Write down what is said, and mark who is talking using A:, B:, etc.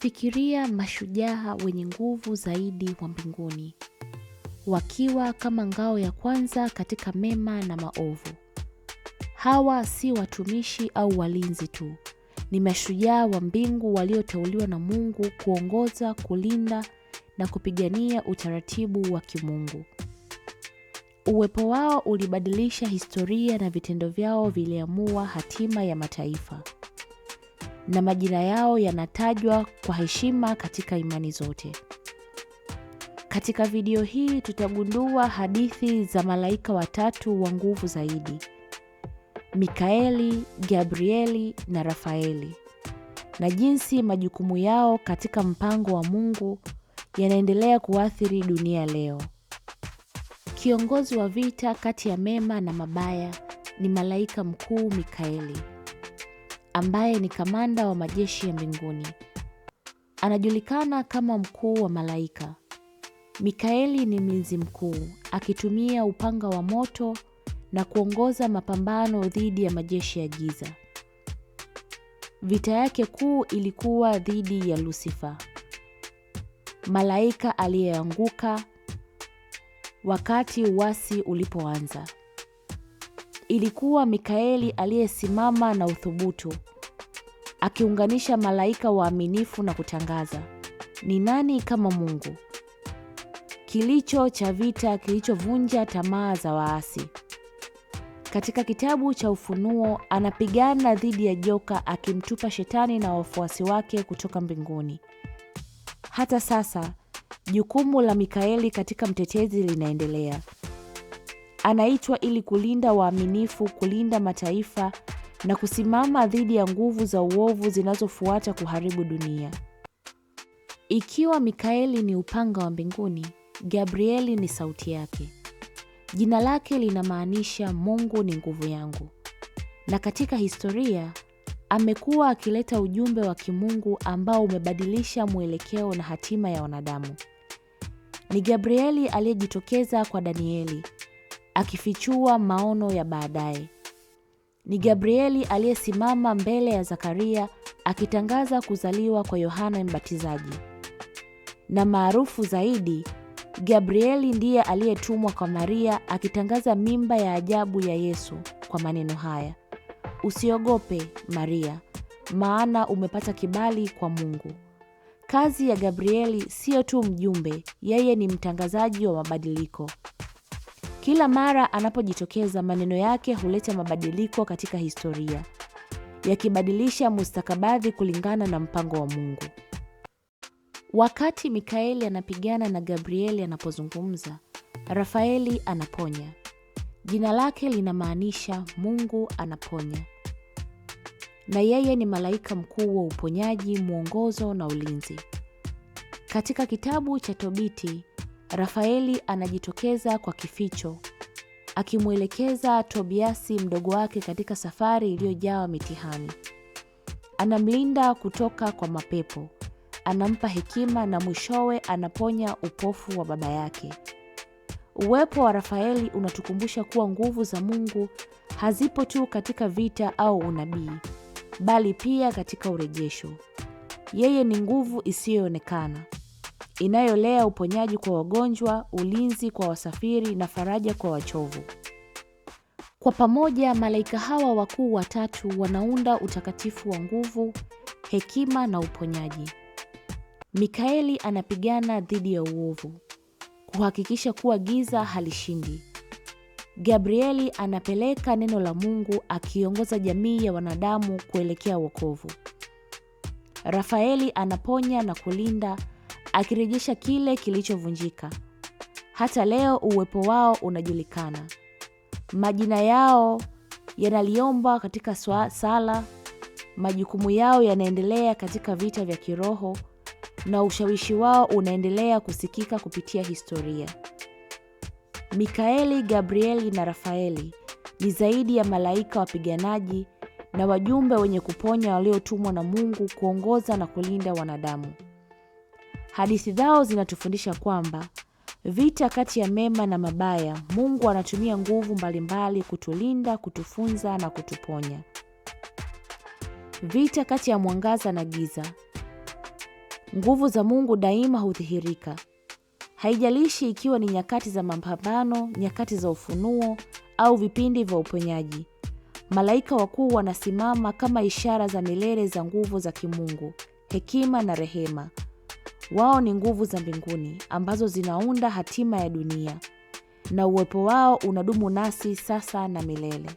A: Fikiria mashujaa wenye nguvu zaidi wa mbinguni, wakiwa kama ngao ya kwanza katika mema na maovu. Hawa si watumishi au walinzi tu, ni mashujaa wa mbingu walioteuliwa na Mungu kuongoza, kulinda na kupigania utaratibu wa kimungu. Uwepo wao ulibadilisha historia na vitendo vyao viliamua hatima ya mataifa na majina yao yanatajwa kwa heshima katika imani zote. Katika video hii tutagundua hadithi za malaika watatu wa nguvu zaidi: Mikaeli, Gabrieli na Rafaeli, na jinsi majukumu yao katika mpango wa Mungu yanaendelea kuathiri dunia leo. Kiongozi wa vita kati ya mema na mabaya ni malaika mkuu Mikaeli ambaye ni kamanda wa majeshi ya mbinguni. Anajulikana kama mkuu wa malaika. Mikaeli ni mlinzi mkuu, akitumia upanga wa moto na kuongoza mapambano dhidi ya majeshi ya giza. Vita yake kuu ilikuwa dhidi ya Lusifa, malaika aliyeanguka wakati uasi ulipoanza. Ilikuwa Mikaeli aliyesimama na uthubutu, akiunganisha malaika waaminifu na kutangaza, ni nani kama Mungu? Kilicho cha vita kilichovunja tamaa za waasi. Katika kitabu cha Ufunuo anapigana dhidi ya joka akimtupa shetani na wafuasi wake kutoka mbinguni. Hata sasa jukumu la Mikaeli katika mtetezi linaendelea. Anaitwa ili kulinda waaminifu, kulinda mataifa na kusimama dhidi ya nguvu za uovu zinazofuata kuharibu dunia. Ikiwa Mikaeli ni upanga wa mbinguni, Gabrieli ni sauti yake. Jina lake linamaanisha Mungu ni nguvu yangu, na katika historia amekuwa akileta ujumbe wa kimungu ambao umebadilisha mwelekeo na hatima ya wanadamu. Ni Gabrieli aliyejitokeza kwa Danieli akifichua maono ya baadaye. Ni Gabrieli aliyesimama mbele ya Zakaria akitangaza kuzaliwa kwa Yohana Mbatizaji. Na maarufu zaidi, Gabrieli ndiye aliyetumwa kwa Maria akitangaza mimba ya ajabu ya Yesu kwa maneno haya: Usiogope Maria, maana umepata kibali kwa Mungu. Kazi ya Gabrieli siyo tu mjumbe, yeye ni mtangazaji wa mabadiliko. Kila mara anapojitokeza, maneno yake huleta mabadiliko katika historia, yakibadilisha mustakabali kulingana na mpango wa Mungu. Wakati Mikaeli anapigana na Gabrieli anapozungumza, Rafaeli anaponya. Jina lake linamaanisha Mungu anaponya, na yeye ni malaika mkuu wa uponyaji, mwongozo na ulinzi. Katika kitabu cha Tobiti Rafaeli anajitokeza kwa kificho akimwelekeza Tobiasi mdogo wake katika safari iliyojawa mitihani. Anamlinda kutoka kwa mapepo, anampa hekima na mwishowe anaponya upofu wa baba yake. Uwepo wa Rafaeli unatukumbusha kuwa nguvu za Mungu hazipo tu katika vita au unabii, bali pia katika urejesho. Yeye ni nguvu isiyoonekana inayolea uponyaji kwa wagonjwa, ulinzi kwa wasafiri na faraja kwa wachovu. Kwa pamoja, malaika hawa wakuu watatu wanaunda utakatifu wa nguvu, hekima na uponyaji. Mikaeli anapigana dhidi ya uovu, kuhakikisha kuwa giza halishindi. Gabrieli anapeleka neno la Mungu akiongoza jamii ya wanadamu kuelekea wokovu. Rafaeli anaponya na kulinda akirejesha kile kilichovunjika. Hata leo uwepo wao unajulikana, majina yao yanaliomba katika swa, sala, majukumu yao yanaendelea katika vita vya kiroho, na ushawishi wao unaendelea kusikika kupitia historia. Mikaeli, Gabrieli na Rafaeli ni zaidi ya malaika wapiganaji na wajumbe wenye kuponya waliotumwa na Mungu kuongoza na kulinda wanadamu. Hadithi zao zinatufundisha kwamba vita kati ya mema na mabaya, Mungu anatumia nguvu mbalimbali kutulinda, kutufunza na kutuponya. Vita kati ya mwangaza na giza, nguvu za Mungu daima hudhihirika. Haijalishi ikiwa ni nyakati za mapambano, nyakati za ufunuo au vipindi vya uponyaji, malaika wakuu wanasimama kama ishara za milele za nguvu za kimungu, hekima na rehema. Wao ni nguvu za mbinguni ambazo zinaunda hatima ya dunia, na uwepo wao unadumu nasi sasa na milele.